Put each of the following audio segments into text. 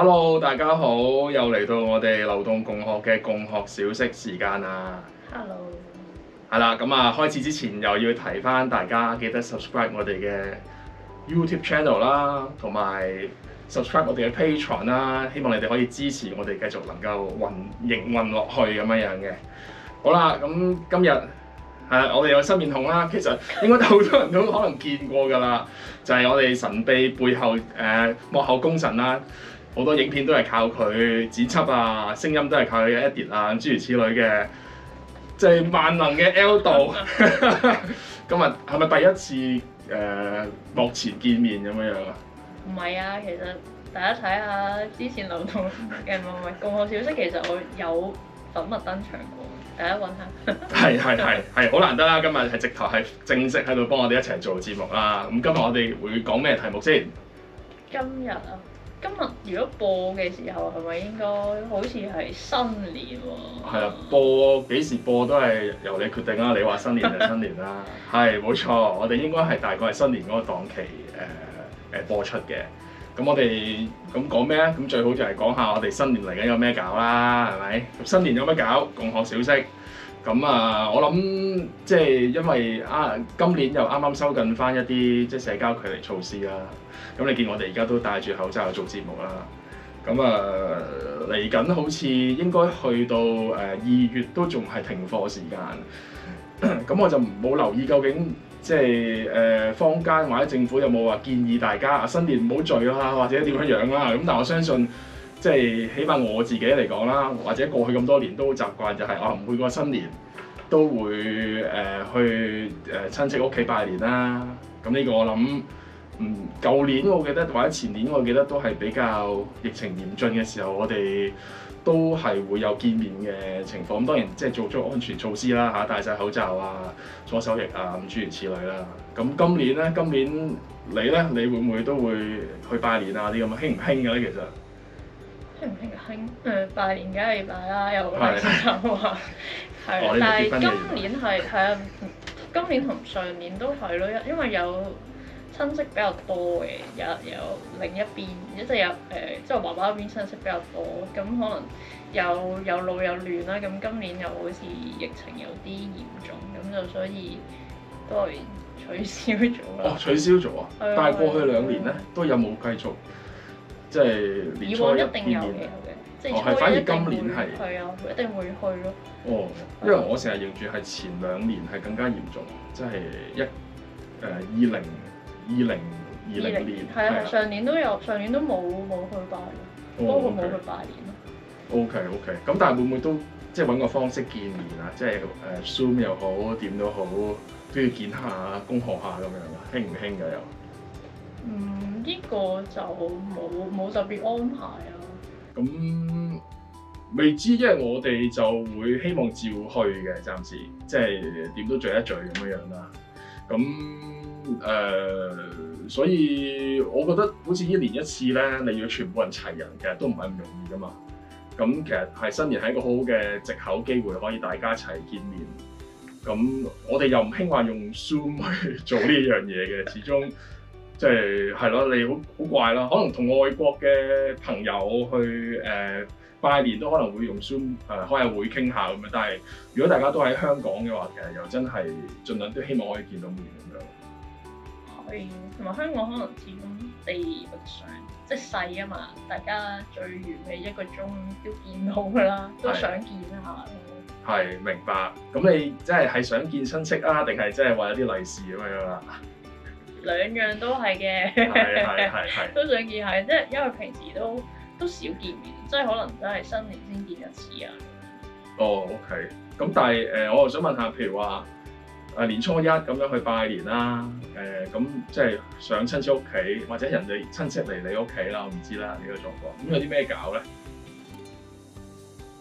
Hello，大家好，又嚟到我哋流動共學嘅共學小息時間啦！Hello，係啦，咁啊，開始之前又要提翻，大家記得 subscribe 我哋嘅 YouTube channel 啦，同埋 subscribe 我哋嘅 Patron 啦，希望你哋可以支持我哋，繼續能夠運營運落去咁樣樣嘅。好啦，咁今日誒，我哋有新面孔啦，其實應該好多人都可能見過噶啦，就係、是、我哋神秘背後誒、呃、幕後功臣啦。好多影片都係靠佢剪輯啊，聲音都係靠佢嘅一 d 啊，諸如此類嘅，即係萬能嘅 l 度。今日係咪第一次誒幕前見面咁樣樣啊？唔係啊，其實大家睇下之前流動嘅幕沒咁好笑，即係其實我有粉墨登場過。大家揾下。係係係係好難得啦！今日係直頭係正式喺度幫我哋一齊做節目啦。咁今日我哋會講咩題目先？今日啊。今日如果播嘅時候，係咪應該好似係新年喎？係啊，播幾時播都係由你決定啦。你話新年就新年啦，係冇錯。我哋應該係大概係新年嗰個檔期誒誒播出嘅。咁我哋咁講咩咧？咁最好就係講下我哋新年嚟緊有咩搞啦，係咪？新年有咩搞？共學小息。咁啊，我諗即係因為啊今年又啱啱收緊返一啲即係社交距離措施啦。咁你見我哋而家都戴住口罩做節目啦，咁啊嚟緊好似應該去到誒、呃、二月都仲係停課時間，咁 我就冇留意究竟即係誒坊間或者政府有冇話建議大家啊新年唔好聚啦、啊，或者點樣樣、啊、啦。咁但我相信即係、就是、起碼我自己嚟講啦，或者過去咁多年都習慣就係、是、啊每個新年都會誒、呃、去誒親戚屋企拜年啦、啊。咁呢個我諗。嗯，舊年我記得或者前年我記得都係比較疫情嚴峻嘅時候，我哋都係會有見面嘅情況。咁當然即係做足安全措施啦，嚇戴晒口罩啊、搓手液啊咁諸如此類啦。咁今年咧，今年你咧，你會唔會都會去拜年，呢呢、呃、拜年拜啊？啲咁啊，興唔興嗰啲其實興唔興啊？興誒拜年梗係拜啦，又開心喎。係，但係今年係係啊， 今年同上年都係咯，因為有親戚比較多嘅，有有另一邊，一、就、隻、是、有誒、呃，即係我爸爸一邊親戚比較多，咁、嗯、可能又有路有亂啦，咁、嗯、今年又好似疫情有啲嚴重，咁、嗯、就所以都取消咗啦。哦，取消咗啊！是但係過去兩年咧，是都有冇繼續即係、就是、以往一定有嘅，哦、即係是，反而今年係係啊，一定會是去咯。哦，因為我成日認住係前兩年係更加嚴重，即、就、係、是、一誒、呃、二零。二零二零年係 20, 啊係、啊、上年都有上年都冇冇去拜年，都冇冇去拜年咯、啊。O K O K，咁但係會唔會都即係揾個方式見面啊？即係誒、uh, Zoom 又好點都好，都要見下恭賀下咁樣啊？興唔興㗎又？嗯，呢、呢個就冇冇特別安排啊。咁未知，因為我哋就會希望照去嘅，暫時即係點都聚一聚咁樣啦、啊。咁。誒，uh, 所以我覺得好似一年一次咧，你要全部人齊人其實都唔係咁容易噶嘛。咁其實係新年係一個好好嘅藉口機會，可以大家一齊見面。咁我哋又唔興話用 Zoom 去做呢樣嘢嘅，始終即係係咯，你好好怪咯。可能同外國嘅朋友去誒、呃、拜年都可能會用 Zoom 誒、啊、開下會傾下咁樣，但係如果大家都喺香港嘅話，其實又真係盡量都希望可以見到面咁樣。係，同埋香港可能始終地面上即係細啊嘛，大家最遠嘅一個鐘都見到㗎啦，都想見下咯。係，明白。咁你即係係想見親戚啊，定係即係話有啲利是咁樣啦？兩樣都係嘅，係係係，都想見下嘅，即係因為平時都都少見面，即係可能都係新年先見一次啊。哦，OK。咁但係誒，我又想問下，譬如話，誒年初一咁樣去拜年啦，誒、呃、咁即係上親戚屋企，或者人哋親戚嚟你屋企啦，我唔知啦，你個狀況。咁有啲咩搞咧？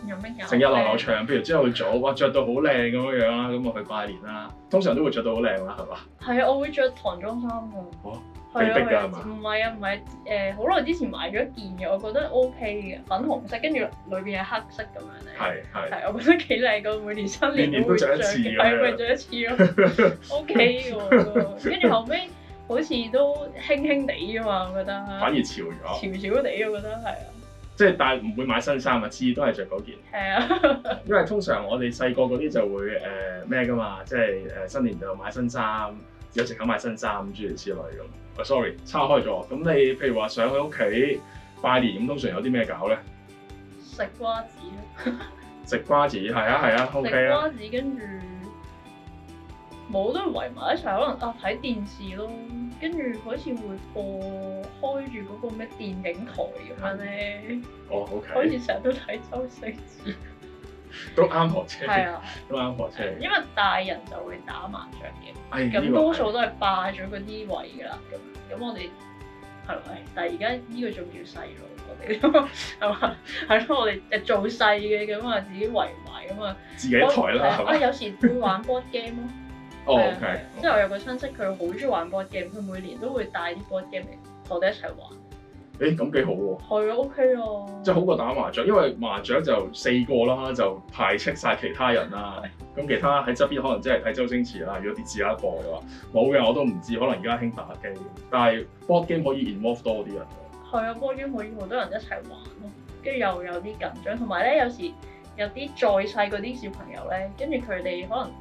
有咩搞？成日流流長，譬如朝早哇，着到好靚咁樣樣啦，咁我去拜年啦，通常都會着到好靚啦，係嘛？係啊，我會着唐裝衫㗎。好係咯，唔係啊，唔係誒，好耐之前買咗一件嘅，我覺得 OK 嘅，粉紅色，跟住裏邊係黑色咁樣咧。係係，我覺得幾靚噶，每年新年都會著。年年都著一次咯。OK，跟住後尾好似都輕輕地噶嘛，我覺得。反而潮咗。潮潮地，我覺得係啊。潮潮即係但係唔會買新衫啊，次次都係着嗰件。係啊是的。 因為通常我哋細個嗰啲就會誒咩噶嘛，即係誒新年就買新衫。有直喺買新衫之類之類咁。啊、oh，sorry，叉開咗。咁你譬如話上佢屋企拜年，咁通常有啲咩搞咧？食瓜、啊、 瓜子。食瓜子，係啊係、okay、啊，OK 食瓜子，跟住冇都圍埋一齊，常常可能啊睇電視咯。跟住好似會播開住嗰個咩電影台咁咧。哦、 啊 okay。好，k 好似成日都睇周星馳。 都啱學車，啊、都啱學車。因為大人就會打麻雀嘅，咁、哎、多數都係霸咗嗰啲位噶啦。咁、哎，咁我哋係咪？但係而家呢個仲叫細路，我哋係嘛？係咯，我哋就做細嘅咁啊，自己圍埋咁啊，自己台啦，係然吧啊，有時會玩 board game 咯 吧。哦，係。即係我有個親戚，佢好中意玩 board game，佢每年都會帶啲 board game 嚟同我哋一齊玩。誒咁幾好喎、啊？係啊，OK 啊！即係好過打麻雀，因為麻雀就四個啦，就排斥晒其他人啦。咁的其他喺側邊可能即係睇周星馳啦。如果啲自家播嘅話，冇嘅我都唔知。可能而家興打機，但係 board game 可以 involve 多啲人。係啊，board game 可以好多人一齊玩咯，跟住又有啲緊張，同埋咧有時有啲再細嗰啲小朋友咧，跟住佢哋可能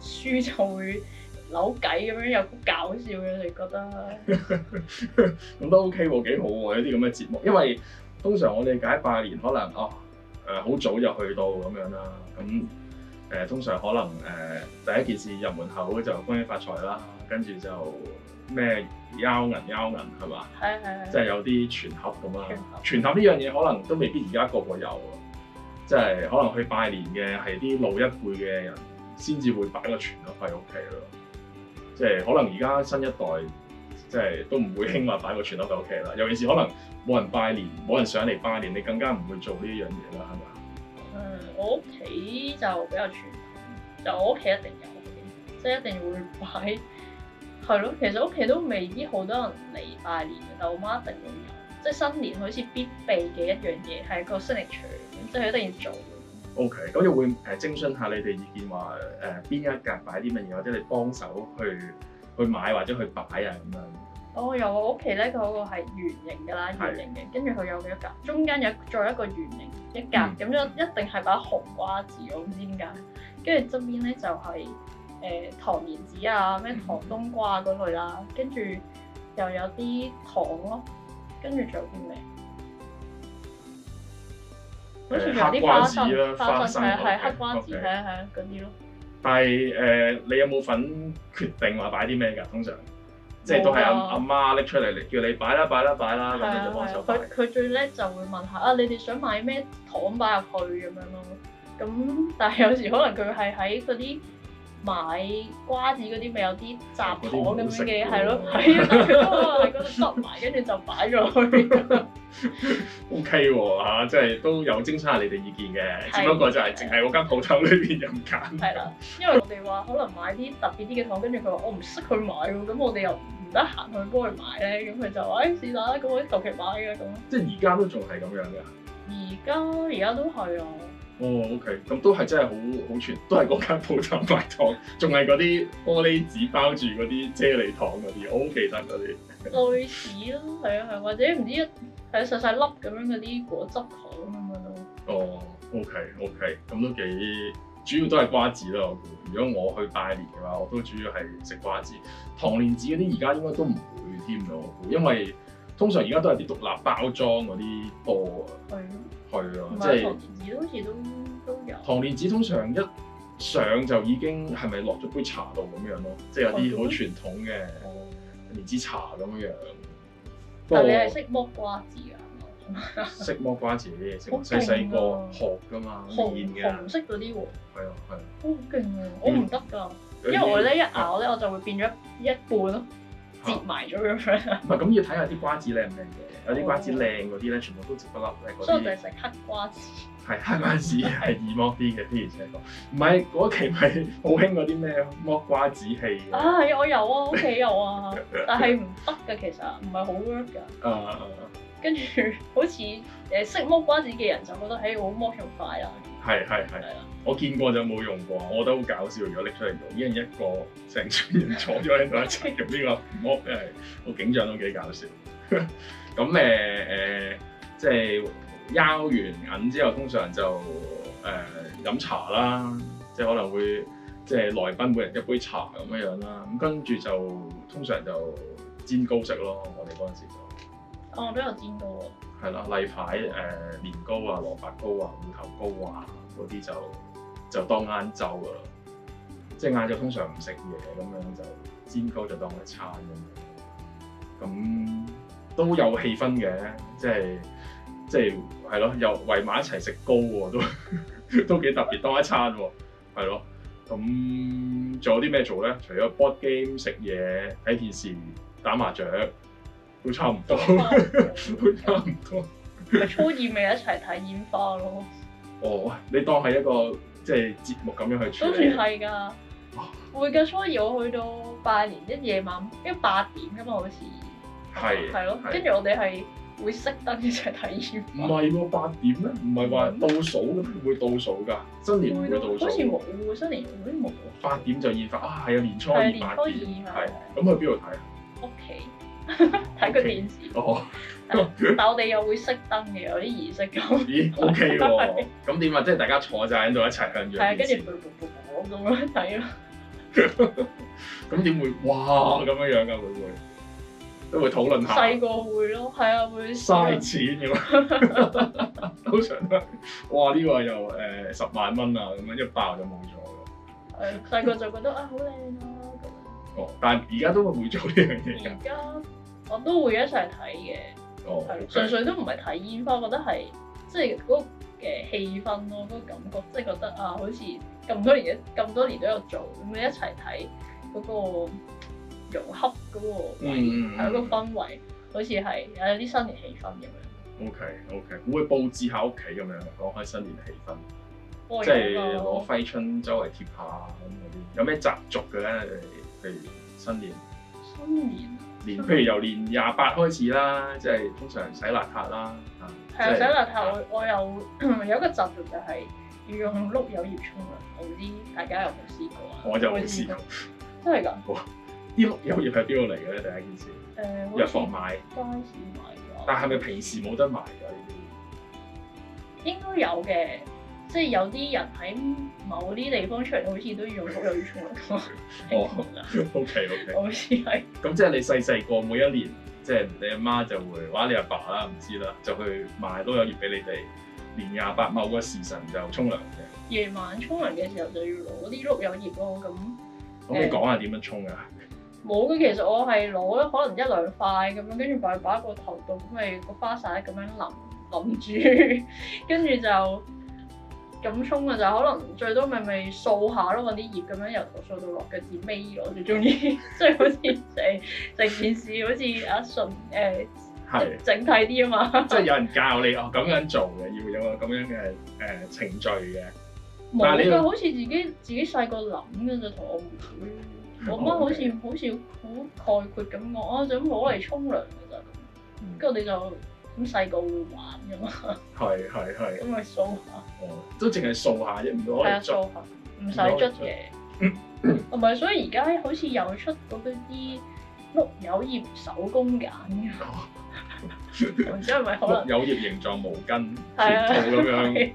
輸就會。扭計咁樣又好搞笑嘅，你覺得？咁都 OK 喎，幾好喎！有啲咁嘅節目，因為通常我哋解拜年，可能哦誒好、呃、早就去到咁樣啦。咁、嗯、誒、呃、通常可能誒、呃、第一件事入門口就恭喜發財啦，跟住就咩鈎銀鈎銀係嘛？係係即係有啲全盒咁啦。全盒呢樣嘢可能都未必而家個個有，即係可能去拜年嘅係啲老一輩嘅人先至會擺個全盒喺屋企咯。即係可能而家新一代，即係都唔會興話擺個傳統嘅屋企啦。尤其是可能冇人拜年，冇人上嚟拜年，你更加唔會做呢一樣嘢啦，係咪啊？誒，我屋企就比較傳統，就我屋企一定有，即係一定會擺。係咯，其實屋企都未必好多人嚟拜年，但我媽一定會有，即係新年好似必備嘅一樣嘢，係個 signature，即係一定要做。O K，咁就會誒徵詢下你哋意見，話誒邊一格擺啲乜嘢，或者你幫手去去買或者去擺啊咁樣。哦，我那個、有我屋企咧，佢嗰個係圓形噶啦，圓形嘅，跟住佢有幾多格？中間有再一個圓形一格，咁、嗯、就一定係擺紅瓜子，我唔知點解。跟住側邊咧就係誒糖蓮子啊，咩糖冬瓜嗰類啦、啊，跟住又有啲糖咯、啊，跟住仲有啲咩？黑瓜子啦，花生，係係黑瓜子，係啊係啊嗰啲咯。但係誒，你有冇份決定話擺啲咩㗎？通常即係都係阿阿媽拎出嚟，叫你擺啦擺啦擺啦咁樣就幫手擺。佢佢最叻就會問下啊，你哋想買咩糖擺入去咁樣咯？咁但係有時可能佢係喺嗰啲買瓜子嗰啲咪有啲雜糖咁樣嘅，係咯，喺喺嗰度執埋，跟住就擺咗去。O K 喎，吓，即係都有徵詢下你哋意見嘅，的只不過就係淨係嗰間鋪頭裏邊任揀。係啦的，因為我哋話可能買啲特別啲嘅糖，跟住佢話我唔識佢買喎，咁我哋又唔得閒去幫佢買咧，咁佢就話誒、哎、是下，啦，咁我啲壽期買嘅咁。即係而家都仲係咁樣嘅。而家而家都係啊。哦、oh，OK，咁都係真係好好全，都係嗰間鋪頭買糖，仲係嗰啲玻璃紙包住嗰啲啫喱糖嗰啲，我好記得嗰啲。類似咯，係啊係，或者唔知一係細細粒咁樣嗰啲果汁糖咁樣咯。哦、oh，OK OK，咁都幾主要都係瓜子啦。我估，如果我去拜年嘅話，我都主要係食瓜子。糖蓮子嗰啲而家應該都唔會添咯，我估，因為通常而家都係啲獨立包裝嗰啲多啊。係。係啊，嗯、即係糖蓮子好似都都有。糖蓮子通常一上就已經係咪落咗杯茶度咁樣咯，即係有啲好傳統嘅蓮子茶咁樣。但你係識剝瓜子㗎？識剝瓜子，嘢識細細個學㗎嘛，自嘅。學唔識嗰啲喎。係啊係啊。啊啊好勁啊！我唔得㗎，嗯、因為我咧一咬咧我就會變咗一半咯，折埋咗咁樣。唔係，咁要睇下啲瓜子靚唔靚嘅。有啲瓜子靚嗰啲咧，全部都接不落嘅。所以我就係食黑瓜子。係黑瓜子係易剝啲嘅，譬如這個。唔係嗰期咪好興嗰啲咩剝瓜子器。啊，係，我有啊，屋企有啊，但係唔得嘅，其實唔係好 work 㗎。啊，跟住好似誒識剝瓜子嘅人就覺得，嘿，好剝咁快啦。係係係。我見過就冇用過，我覺得好搞笑。如果拎出嚟用，一人一個成村人坐咗喺度一齊用呢個剝，真係個景象都幾搞笑。咁誒誒，即係拗完銀之後，通常就誒、嗯、飲茶啦，即係可能會即係來賓每人一杯茶咁嘅樣啦。咁跟住就通常就煎糕食咯。我哋嗰陣時就，哦都有煎糕啊，係啦，嗯，例牌誒、呃、年糕啊、蘿蔔糕啊、芋頭糕啊嗰啲就就當晏晝㗎喇，即係晏晝通常唔食嘢咁樣就煎糕就當一餐咁。咁都有氣氛嘅，即係即係係咯，又圍埋一齊食糕喎，都都幾特別，當一餐喎，係咯。咁仲有啲咩做咧？除咗 board game、食嘢、睇電視、打麻雀，都差唔多，差唔多都差唔多。初二咪一齊睇煙花咯。哦，你當係一個即係節目咁樣去串。都算係㗎。會㗎初二，我去到拜年一夜晚，因為八點㗎嘛，好似。係，係咯。跟住我哋係會熄燈一齊睇煙花。唔係喎，八點咩？唔係話倒數嘅咩？會倒數噶？新年會倒數會？好似冇嘅，新年好似冇。八點就煙花啊！係啊，年初二八點。係年初二嘛。咁去邊度睇啊？屋企睇個電視。哦。但我哋又會熄燈嘅，有啲儀式咁咦？O K 喎。咁點啊？即係大家坐晒喺度一齊向著。係啊，跟住撥撥撥咁樣睇咯。咁 點 會？哇！咁樣樣噶會唔會？都會討論下。細個會咯，係啊對，會嘥錢咁。好 想。哇，呢、這個又誒、呃、十萬蚊啊，咁樣一爆就冇咗嘅。誒，細個就覺得啊，好靚啊咁樣。哦，但係而家都會做呢樣嘢㗎。而家我都會一齊睇嘅，係純、哦 okay. 粹都唔係睇煙花，我覺得係即係嗰個嘅氣氛咯，嗰、那個感覺，即、就、係、是、覺得啊，好似咁多年咁多年都有做，咁樣一齊睇嗰個。融合嘅喎，係、mm. 一個氛圍，好似係有啲新年氣氛咁樣。O K O K，會佈置下屋企咁樣，講開新年氣氛，哦、即係攞揮春周圍貼下咁啲。哦、有咩習俗嘅咧？譬如新年，新年年譬如由年廿八開始啦，即係通常洗邋遢啦。係啊，洗邋遢我我有有一個習俗就係要用碌柚葉沖涼，我唔知大家有冇試過啊？我就冇試過，真係㗎。 啲碌柚葉係邊度嚟嘅咧？第一件事，誒，藥房、呃、買，街市買嘅。但係咪平時冇得賣嘅呢啲？應該有嘅，即係有啲人喺某啲地方出嚟，好似都要用碌柚葉沖涼。 哦，OK OK，好似係。咁 即係你細細個每一年，即係你阿媽就會，話你阿爸啦，唔知啦，就去買碌柚葉俾你哋，年廿八某個時辰就沖涼嘅。夜晚沖涼嘅時候就要攞啲碌柚葉咯。咁，咁你講下點樣沖啊？冇，嘅，其實我係攞可能一兩塊咁樣，跟住擺擺個頭度，咁咪個花灑咁樣淋淋住，跟 住就咁沖噶就可能最多咪咪掃下咯，嗰啲葉咁樣由頭掃到落腳，葉黐我最中意，即 係好似成成件事，好似阿順誒的整體啲啊嘛。即係有人教你哦咁樣做嘅，的要有個咁樣嘅誒程序嘅。冇的，佢你好似自己自己細個諗嘅就同我唔我媽好似好似好概括咁我啊就咁攞嚟沖涼㗎咋。咁。跟住你就咁細個會玩㗎嘛。係係係。咁咪掃下。都淨係掃一下啫，唔可以捽。係啊，掃下，唔使捽嘅。唔係，所以而家好似又出到嗰啲碌柚葉手工揀嘅。唔 知係咪可能柚葉形狀毛巾？係啊，咁樣。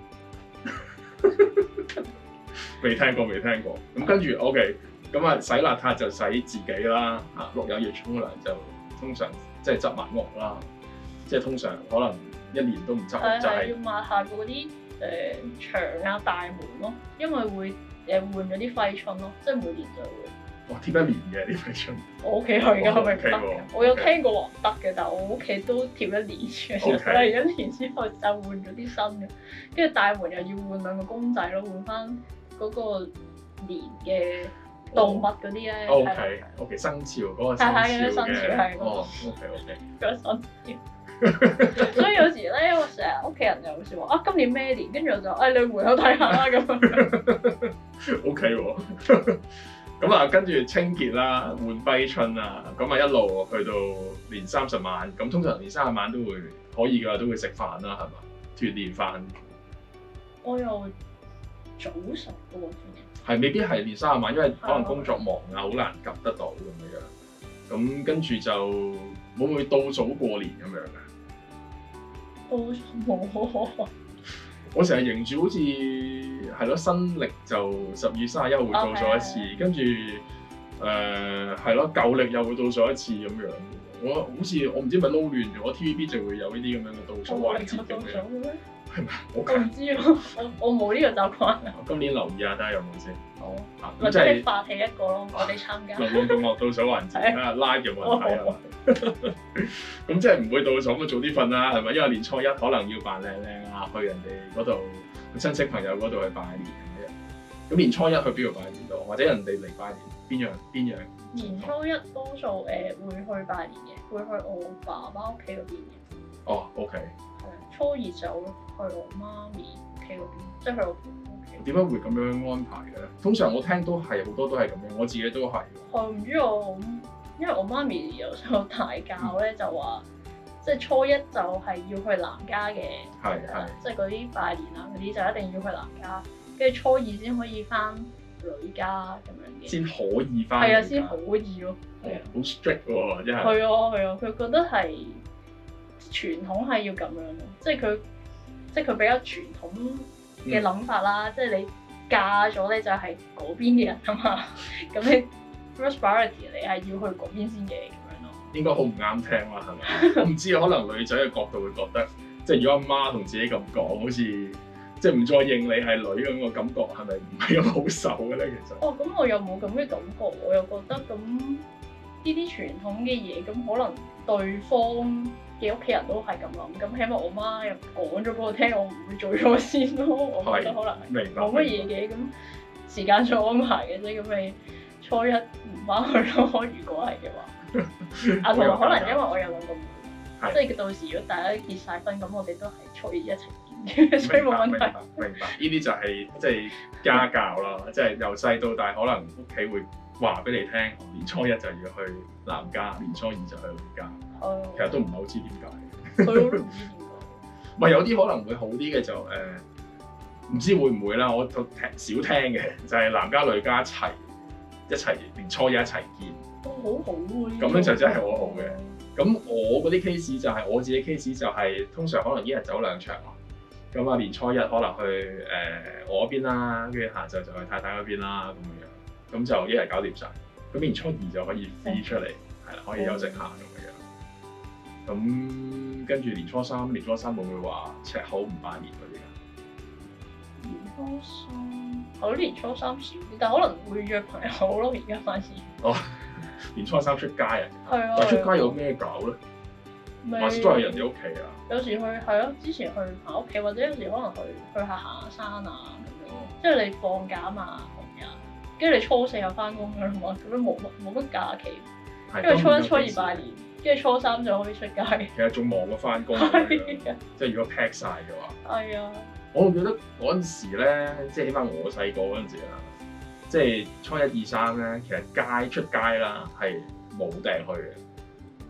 未、啊、 聽過，未聽過。咁跟住，OK。咁啊，洗邋遢就洗自己啦。啊，碌柚要沖涼就通常即係執埋屋啦，即係通常可能一年都唔執。係對、就是、要抹下嗰啲誒牆啊、大門咯、啊，因為會誒換咗啲揮春咯、啊，即係每年就會。哇、哦！貼一年嘅啲揮春，我屋企係用黃德，我，我有聽過黃德嘅，okay. 但係我屋企都貼一年嘅，係 Okay. 一年之後就換咗啲新嘅。跟住大門又要換兩個公仔咯，換翻嗰個年嘅。動物嗰啲咧，O K O K 生肖潮嗰個生肖嘅，哦 O K O K 嗰個生肖，所以有時咧，我成日屋企人就會笑我 啊，今年咩年？跟住我就誒、哎，你門口睇下啦咁。O K 喎，咁啊，跟住清潔啦，換揮春啊，咁啊一路去到年三十晚，咁通常年三十晚都會可以嘅話，都會食飯啦，係嘛？團年飯，我又早晨係未必係年卅晚，因為可能工作忙啊，好、oh. 難及得到咁樣。咁跟住就會唔會倒數過年咁樣嘅？倒數、oh. 我成日迎住好似係咯，新曆就十二月三十一號倒數一次，Okay. 跟住誒係咯，舊歷又會倒數一次咁樣。我好似我唔知咪撈亂咗，TVB 就會有呢啲咁樣嘅倒數啊啲咁嘅。Oh. 係咪、okay.？我唔知喎，我我冇呢個習慣。我今年留意下睇下有冇先。好或者你係發起一個咯，啊、我哋參加。我我我倒數環節自己啦，live 有問題啊。咁即係唔會倒數咁啊，早啲瞓啦，係咪？因為年初一可能要扮靚靚啊，去人哋嗰度，親戚朋友嗰度去拜年啊。咁年初一去邊度拜年多？或者人哋嚟拜年？邊樣？邊樣？樣年初一多數誒、呃、會去拜年嘅，會去我爸爸屋企嗰邊嘅。哦，OK，係啊，初二就去我媽咪屋企嗰邊，即係去我屋企。點解會咁樣安排嘅咧？通常我聽都係好多都係咁樣，我自己都係。係唔知我，因為我媽咪有受大教咧，就話即係初一就係要去男家嘅，係係，即係嗰啲拜年啊嗰啲就一定要去男家，跟住初二先可以返女家咁樣嘅。先可以返係啊，先可以咯，係啊。好 strict 喎，真係。係啊係啊，佢覺得係。傳統係要咁樣咯，即係佢，即係佢比較傳統嘅諗法啦。嗯、即係你嫁咗咧，就係嗰邊嘅人啊嘛。咁你 first p r i o r t y 你係要去嗰邊先嘅咁樣咯。 應該好唔啱聽啦，係咪？ 我唔知可能女仔嘅角度會覺得，即係如果阿媽同自己咁講，好似即係唔再認你係女咁嘅感覺，係咪唔係咁好受嘅咧？其實哦，咁我又冇咁嘅感覺，我又覺得咁呢啲傳統嘅嘢，咁可能對方。嘅屋企人都係咁諗，咁起碼我媽又講咗俾我聽，我唔會做錯先咯。我覺得可能冇乜嘢嘅，咁時間再安排嘅啫。咁你初一唔返去咯。如果係嘅話，啊同 可能因為我有兩個妹，即係到時如果大家結晒婚，咁我哋都係初一一齊見嘅，白 所以冇問題明。明白，呢啲就係即係家教咯，即係由細到大，可能屋企會。話俾你聽，年初一就要去男家，年初二就去女家，啊、其實都唔係好知點解。唔知點解。咪、 嗯、有啲可能會好啲嘅就誒，唔、呃、知會唔會啦，我都聽少聽嘅，就係、是、男家女家一齊一齊年初一一齊見。都、哦、好好喎、啊。咁樣就真係好好嘅。咁、嗯、我嗰啲 case 就係、是、我自己 case 就係、是、通常可能一日走兩場，咁啊年初一可能去誒、呃、我嗰邊啦，跟住下晝就去太太嗰邊啦咁。咁就一日搞掂晒。咁年初二就可以飛出嚟，係啦的，可以休息下咁樣樣。咁、嗯、跟住年初三，年初三會唔會話赤口唔拜年嗰啲啊？年初三，好，年初三少，但可能會約朋友咯。而家快時哦， 年初三出街啊？係啊的，但出街有咩搞咧？或者都係人哋屋企啊？有時去係咯，之前去埋屋企，或者有時可能去去下山去下山啊咁樣，即係你放假啊嘛，紅日。跟住你初四又翻工噶啦嘛，咁樣冇乜冇乜假期。的因為初一、初一、初二拜年，跟住、啊、初三就可以出街。其實仲忙過翻工。的的即係如果 pack 曬嘅話。係啊的。我記得嗰陣時咧，即係起碼我細個嗰陣時啦，即係初一、二、三咧，其實街出街啦，係冇埞去嘅，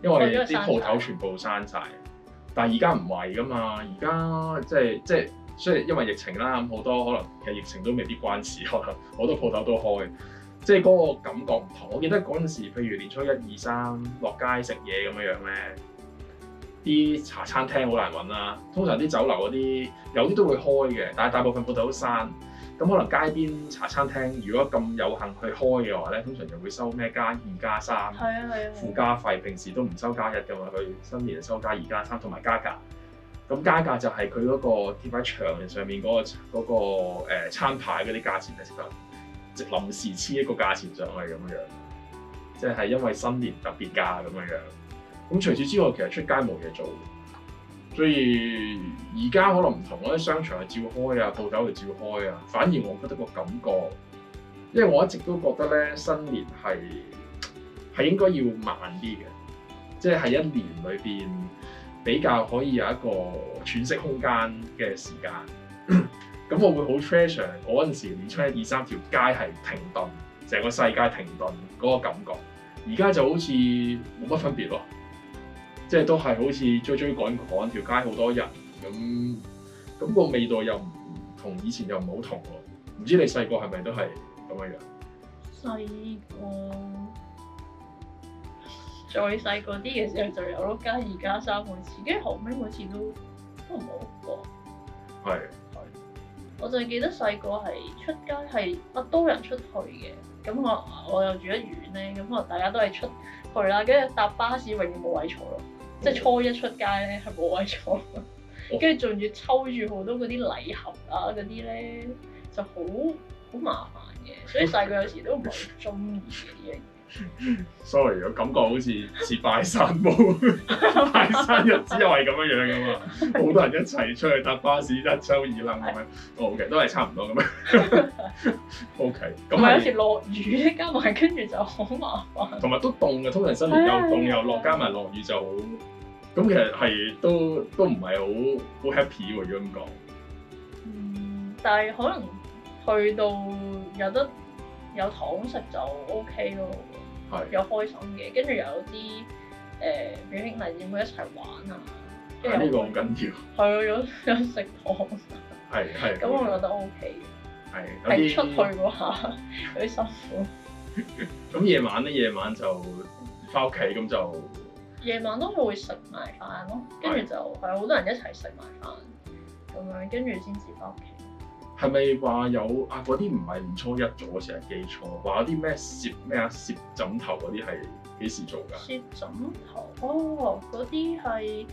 因為啲鋪頭全部閂晒。但係而家唔係噶嘛，而家即係即係。即所以因為疫情啦，咁好多可能其實疫情都未必關事，可能好多鋪頭都開，即係嗰個感覺唔同。我記得嗰陣時，譬如年初一、二、三落街食嘢咁樣咧，啲茶餐廳好難揾啦。通常啲酒樓嗰啲有啲都會開嘅，但係大部分鋪頭都閂。咁可能街邊茶餐廳，如果咁有幸去開嘅話咧，通常就會收咩加二加三，係啊係啊，附加費。平時都唔收加一嘅嘛，佢新年收加二加三，同埋加價。咁加價就係佢嗰個貼喺牆上面、嗰、嗰個嗰、嗰個呃、餐牌嗰啲價錢係、就係，即臨時黐一個價錢上去咁樣，即係因為新年特別價咁樣樣。咁除此之外，其實出街冇嘢做，所以而家可能唔同咯，啲商場係照開啊，鋪頭係照開啊。反而我覺得個感覺，因為我一直都覺得咧，新年係係應該要慢啲嘅，即係喺一年裏邊，比較可以有一個喘息空間嘅時間，咁 我會好 treasure 嗰時，年初一二三條街係停頓，成個世界停頓嗰個感覺。而家就好似冇乜分別咯，即係都係好似追追趕趕條街好多人，咁咁、個味道又唔同以前又唔好同喎。唔知你細個係咪都係咁嘅樣？細個。再細個啲嘅時候就有咯，加二加三每次，跟住後屘每次都都唔好過。係係的。我就記得細個係出街係乜多人出去嘅，咁我我又住得遠咧，咁可能大家都係出去啦，跟住搭巴士永遠冇位坐咯，的即係初一出街咧係冇位坐，跟住仲要抽住好多嗰啲禮盒啊嗰啲咧，就好好麻煩嘅，所以細個有時都唔係好中意嘅呢樣。 Sorry，我感覺好似似拜山冇 拜山日子又係咁樣樣噶嘛，好多 人一齊出去搭巴士，一週二欖咁樣，ok 都係差唔多咁樣 ，ok。咁啊有時落雨咧，加埋跟住就好麻煩，同埋都凍嘅，通常新年的又凍又落，加埋落雨就好。咁其實係都都唔係好好 happy 如果咁講。嗯，但係可能去到有得有糖食就 ok 咯。有開心嘅，跟住有啲誒表兄弟姐妹一齊、呃、玩啊，跟住呢個好緊要，係啊，有有食糖，係係，咁我覺得 O K 嘅，係咁出去嘅話，哈哈有啲辛苦。咁夜 晚咧，夜晚就翻屋企，咁就夜晚都會食埋飯咯，跟住就係好多人一齊食埋飯咁樣，跟住先至翻屋企。係咪話有啊？嗰啲唔係年初一做，成日記錯。話有啲咩攝咩啊，攝枕頭嗰啲係幾時做㗎？攝枕頭哦，嗰啲係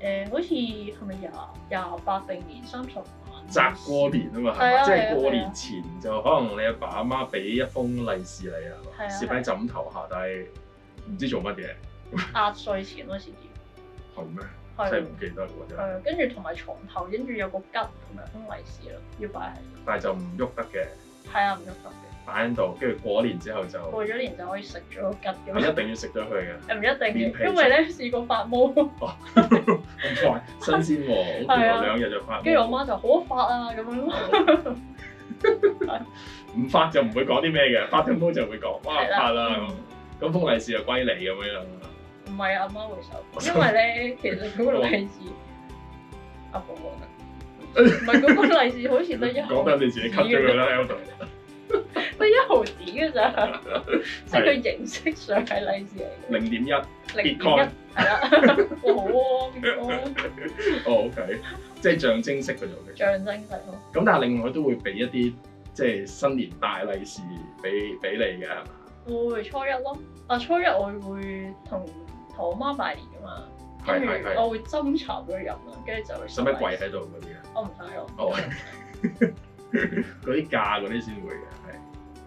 誒，好似係咪廿廿八定年三十晚？砸過年啊嘛，係嘛？啊啊、即係過年前就、啊啊、可能你阿爸阿媽俾一封利是你啊，攝喺枕頭下低，唔知做乜嘢。壓歲錢好似叫係咩？即係唔記得咯，真係。係啊，跟住同埋床頭，跟住有個吉同埋封利是咯，要擺喺度。但係就唔喐得嘅。係啊，唔喐得嘅。擺喺度，跟住過年之後就過咗年就可以食咗個吉咁。一定要食咗佢嘅。唔一定，因為咧試過發毛。咁快！新鮮喎。係啊。兩日就發。跟住我媽就好發啊，咁樣咯。唔發就唔會講啲咩嘅，發咗毛就會講：哇，發啦咁。咁封利是就歸你咁樣啦。唔係阿媽會收，因為咧其實嗰個利是阿婆講啦，唔係嗰個利是好似得一毫，得你自己吸咗佢啦，Elly，得一毫子嘅咋，即係佢形式上係利是嚟嘅，零點一，零點一，係啦，好啊，OK，哦 OK，即係象徵式嘅做嘅，象徵式咯。咁但係另外都會俾一啲即係新年大利是俾俾你嘅係嘛？會初一咯，啊初一我會同。同我媽拜年噶嘛，跟住我會斟茶俾佢飲啊。跟住就使乜跪喺度嗰啲啊？我唔使我，嗰啲嫁嗰啲先會嘅，係啊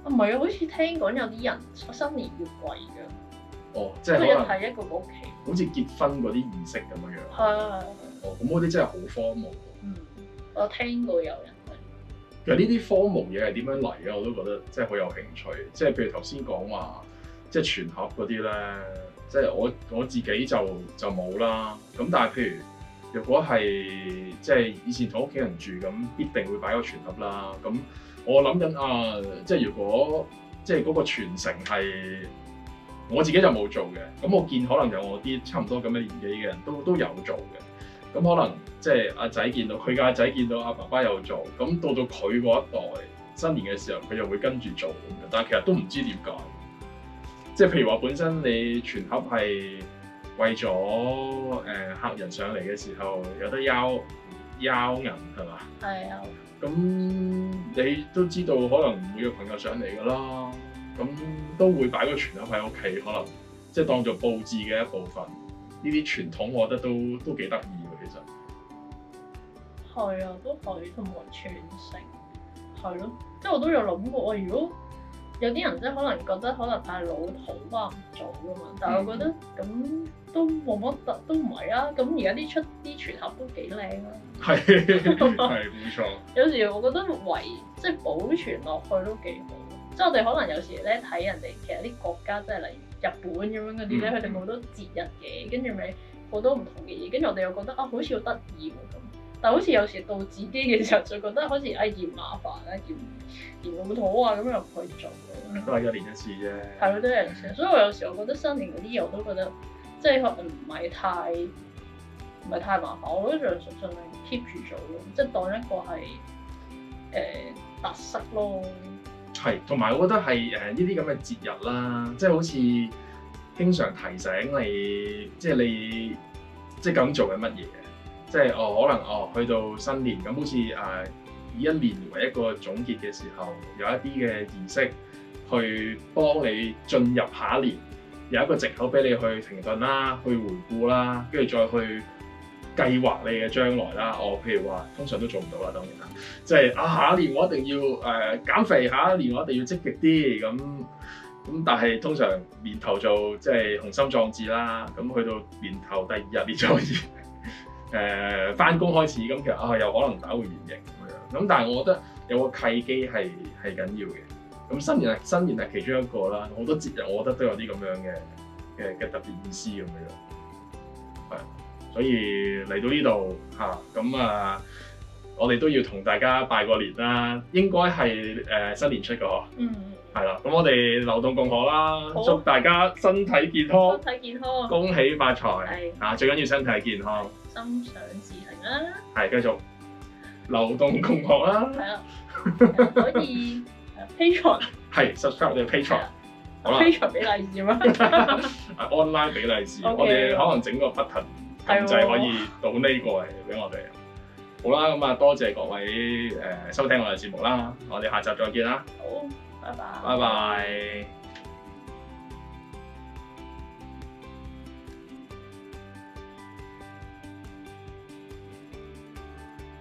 唔係啊？好似聽講有啲人新年要跪噶，哦，即係一係一個屋企，好似結婚嗰啲儀式咁樣樣，係啊係啊，哦咁嗰啲真係好荒謬，嗯，嗯嗯我聽過有人去。其實呢啲荒謬嘢係點樣嚟啊？我都覺得真係好有興趣。即係譬如頭先講話，即係全盒嗰啲咧。即係我我自己就就冇啦，咁但係譬如如果係即係以前同屋企人住咁，必定會擺個全盒啦。咁我諗緊啊，即係如果即係嗰個傳承係我自己就冇做嘅。咁我見可能有我啲差唔多咁嘅年紀嘅人都都有做嘅。咁可能即係阿仔見到佢嘅阿仔見到阿爸爸有做，咁到到佢嗰一代新年嘅時候，佢又會跟住做咁樣，但係其實都唔知點解。即係譬如話，本身你全盒係為咗誒、呃、客人上嚟嘅時候有得邀邀人係嘛？係啊。咁你都知道，可能每個朋友上嚟嘅啦，咁都會擺個全盒喺屋企，可能即係當做佈置嘅一部分。呢啲傳統我覺得都都幾得意嘅，其實。係啊，都可以，同埋傳承。係咯、啊，即係我都有諗過，我如果。有啲人真係可能覺得可能太老土幫唔到㗎嘛，但係我覺得咁都冇乜特，都唔係啊。咁而家啲出啲全盒都幾靚啊，係係冇錯。 有時我覺得維即係保存落去都幾好，即係我哋可能有時咧睇人哋其實啲國家即係例如日本咁樣嗰啲咧，佢哋好多節日嘅，跟住咪好多唔同嘅嘢，跟住我哋又覺得啊，好似好得意喎咁。但好似有時到自己嘅時候，就覺得好似哎嫌麻煩咧，嫌嫌老土啊，咁又唔可以做、啊、都係一年一次啫。係咯，都係。所以我有時候我覺得新年嗰啲嘢我都覺得即係可能唔係太唔係太麻煩，我都盡盡量 keep 住做咯，即係當一個係誒、呃、特色咯。係，同埋我覺得係誒呢啲咁嘅節日啦，即係好似經常提醒你，即係你即係咁做緊乜嘢。即係哦，可能哦，去到新年咁，好似誒、呃、以一年為一個總結嘅時候，有一啲嘅儀式去幫你進入下一年，有一個藉口俾你去停頓啦，去回顧啦，跟住再去計劃你嘅將來啦。我、哦、譬如話，通常都做唔到啦，當然啦。即、就、係、是啊、下一年我一定要誒、呃、減肥，下一年我一定要積極啲咁咁，但係通常年頭做，即係雄心壯志啦，咁去到年頭第二日跌咗。誒翻工開始咁，其實啊有可能打回原形咁樣，咁但係我覺得有個契機係係緊要嘅。咁新年啊，新年係其中一個啦。好多節日，我覺得都有啲咁樣嘅嘅嘅特別意思咁樣。係，所以嚟到呢度嚇，咁啊，啊，我哋都要同大家拜個年啦。應該係誒新年出嘅嗬。嗯嗯。係啦，咁我哋流動共賀啦，好祝大家身體健康。恭喜發財。啊，最緊要身體健康。心想事成啦，係繼續流動共學啦，啊，係啊，可以 Patreon 係 subscribe 我哋 Patreon，Patreon 比例是嗎？係 online 比例是。Okay. 我哋可能整個 button 就係 了可以到呢個嚟俾我哋。好啦，咁，嗯，啊多謝各位誒，呃，收聽我哋節目啦，我哋下集再見啦，好，拜拜，拜拜。拜拜。